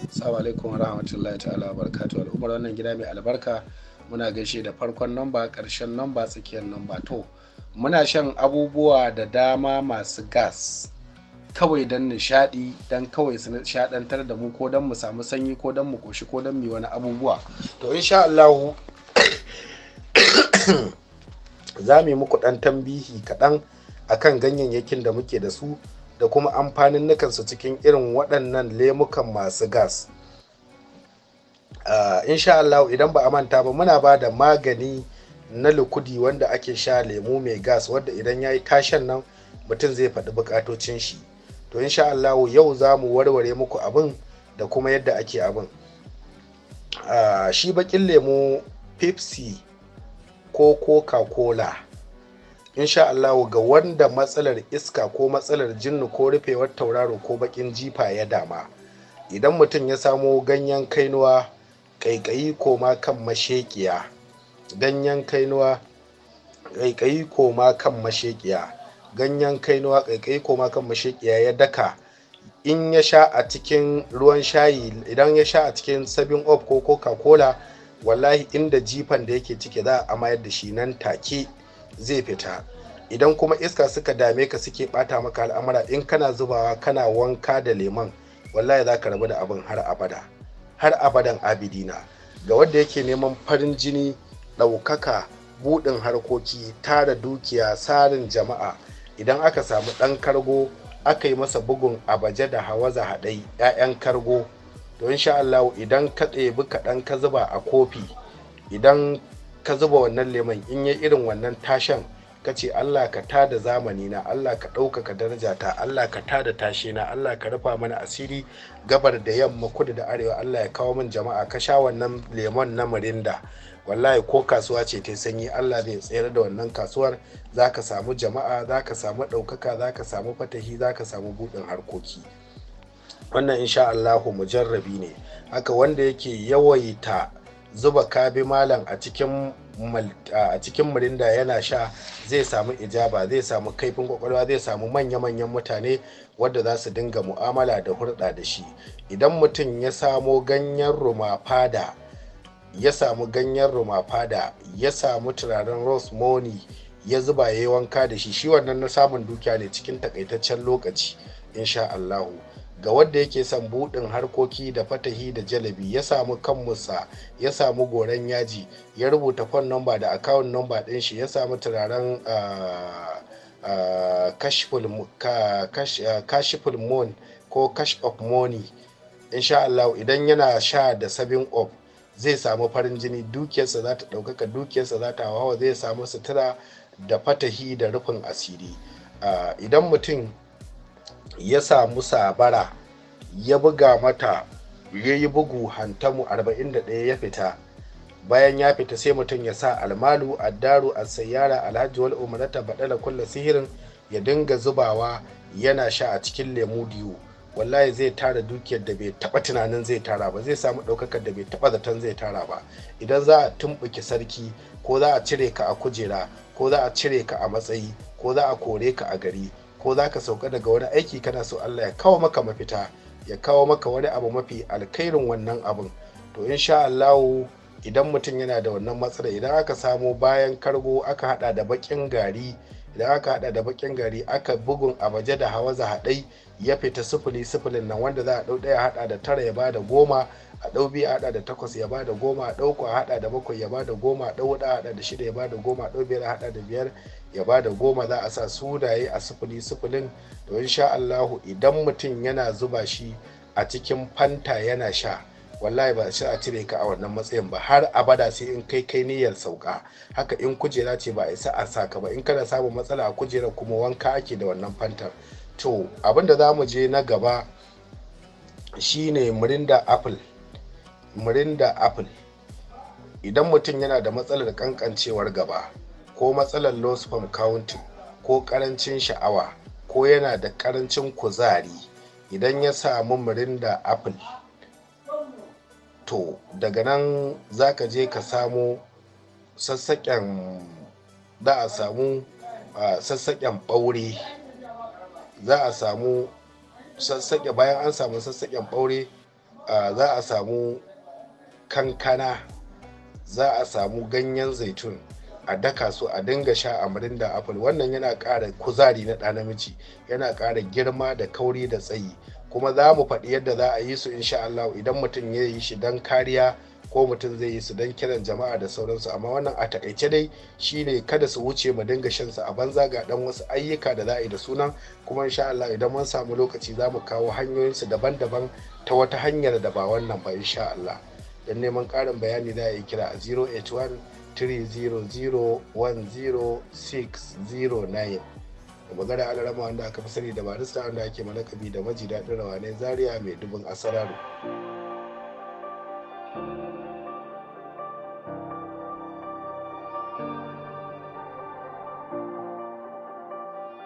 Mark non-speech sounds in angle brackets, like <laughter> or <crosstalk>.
Assalamu alaikum rahmatullahi ta'ala barakatu al'ummar wannan gida mai albarka muna gaishe da farkon namba karshen namba tsakiyar namba to muna shan abubuwa da dama masu gas kawai don nishadi don kawai su nishaɗantar da mu ko don mu samu sanyi ko don mu koshi ko don mu wani abubuwa to insha Allah <coughs> za mu yi muku ɗan tambihi kaɗan akan ganyayyakin da muke da su da kuma amfanin nukansu cikin irin waɗannan lemukan masu gas uh, Allah idan ba a manta ba muna ba da magani na lukudi wanda ake sha lemu mai gas wadda idan ya yi tashan nan mutum zai faɗi buƙatocin shi to insha Allah yau za mu warware muku abin da kuma yadda ake abin uh, shi bakin lemu pepsi ko coca-cola insha Allah ga wanda matsalar iska ko matsalar jinnu ko rufewar tauraro ko bakin jifa ya dama idan mutum ya samo ganyen kainuwa kaikayi ma kan mashekiya ganyen kainuwa kaikayi ma kan mashekiya ganyen kainuwa kaikayi ma kan mashekiya ya daka in ya sha a cikin ruwan shayi idan ya sha a cikin sabin op ko coca cola wallahi inda jifan da yake ciki za a amayar da shi nan take zai fita idan kuma iska suka dame ka suke bata maka al'amura in kana zubawa kana wanka da lemon wallahi za ka rabu da abin har abada har abadan abidina ga wanda yake neman farin jini ɗaukaka buɗin harkoki tara dukiya sarin jama'a idan aka samu ɗan kargo aka yi masa bugun abaje da hawaza haɗai 'ya'yan kargo to insha Allah idan ka ɗebi kaɗan ka zuba a kofi idan ka zuba wannan lemon in ya irin wannan tashan ka ce Allah ka ta da zamani na Allah ka ɗaukaka daraja ta Allah ka ta da tashe na Allah ka rufa mana asiri gabar da yamma kudu da arewa Allah ya kawo min jama'a ka sha wannan lemon na mirinda wallahi ko kasuwa ce ta sanyi Allah zai tsayar da wannan kasuwar za ka samu jama'a za ka samu ɗaukaka za ka samu fatahi za ka samu buɗin harkoki wannan insha Allahu mujarrabi ne haka wanda yake yawaita zuba kabi malam a cikin a murinda yana sha zai samu ijaba zai samu kaifin kwakwalwa zai samu manya-manyan mutane wadda za su dinga mu'amala da hulɗa da shi idan mutum ya samu ganyen rumafada ya samu ganyen rumafada ya samu turaren money ya zuba ya yi wanka da shi shi wannan na samun dukiya ne cikin takaitaccen lokaci insha Allahu ga wanda yake son buɗin harkoki da fatahi da jalabi ya samu musa, ya samu goren yaji ya rubuta kwan nomba da akawun nomba ɗin shi ya samu turaren kashiful ah, ah, moon ah, ko cash of money insha Allah idan yana sha da sabin of zai samu farin jini dukiyarsa za ta ɗaukaka dukiyarsa za ta hawa zai samu sutura da fatahi da rufin asiri idan mutum ya samu sabara ya buga mata ya yi bugu hantamu 41 ya fita bayan ya fita sai mutum ya sa almalu a sayyara alhaji wal ta baɗala kulla sihirin ya dinga zubawa yana sha a cikin lemu diyu wallahi zai tara dukiyar da bai taba tunanin zai tara ba zai samu ɗaukakar da bai taba zaton zai tara ba idan za a tumɓuke sarki ko za a cire ka a kujera ko za a cire ka a matsayi ko za a kore ka a gari ko za ka sauka daga wani aiki kana so Allah ya kawo maka mafita ya kawo maka wani abu mafi alkhairin wannan abin to insha Allah idan mutum yana da wannan matsala idan aka samo bayan kargo aka hada da bakin gari idan aka hada da bakin gari aka bugun abaje da hawa za hadai ya fita sufuli sifilin nan wanda za a dau daya hada da tara ya bada goma a dau biyu a hada da takwas ya bada goma a ɗauku a hada da bakwai ya bada goma a ɗau a hada da shida ya bada goma a dau biyar a hada da biyar ya bada goma za a sa sunaye a sifili sifilin to insha Allahu idan mutum yana zuba shi a cikin fanta yana sha wallahi ba sai a cire ka a wannan matsayin ba har abada sai in kai kai niyyar sauka haka in kujera ce ba a isa a saka ba in kana samun matsala a kujera kuma wanka ake da wannan fantar to abinda za mu je na gaba shine murinda apple mirinda apple idan mutum yana da matsalar kankancewar gaba ko matsalar low sperm county ko karancin sha'awa ko yana da karancin kuzari idan ya samu mirinda apple to daga nan za ka je ka samu sassaƙen za a samu sassaƙen ɓaure za a samu sassaƙe bayan an samu sassaƙen ɓaure za a samu kankana za a samu ganyen zaitun a daka su a dinga sha a da apple wannan yana kara kuzari na ɗa namiji yana kara girma da kauri da tsayi kuma za mu faɗi yadda za a yi su insha Allah idan mutum ya yi shi don kariya ko mutum zai yi su don kiran jama'a da sauransu amma wannan a takaice dai shine kada su wuce mu dinga shan su a banza ga dan wasu ayyuka da za a yi da sunan kuma insha Allah idan mun samu lokaci za mu kawo hanyoyinsu daban-daban ta wata hanyar da ba wannan ba insha Allah don neman karin bayani za a yi kira a 081 300 da magana an rama wanda aka fi sani da barista wanda ake malakabi da maji daɗin rawa ne zaria mai dubin asararu.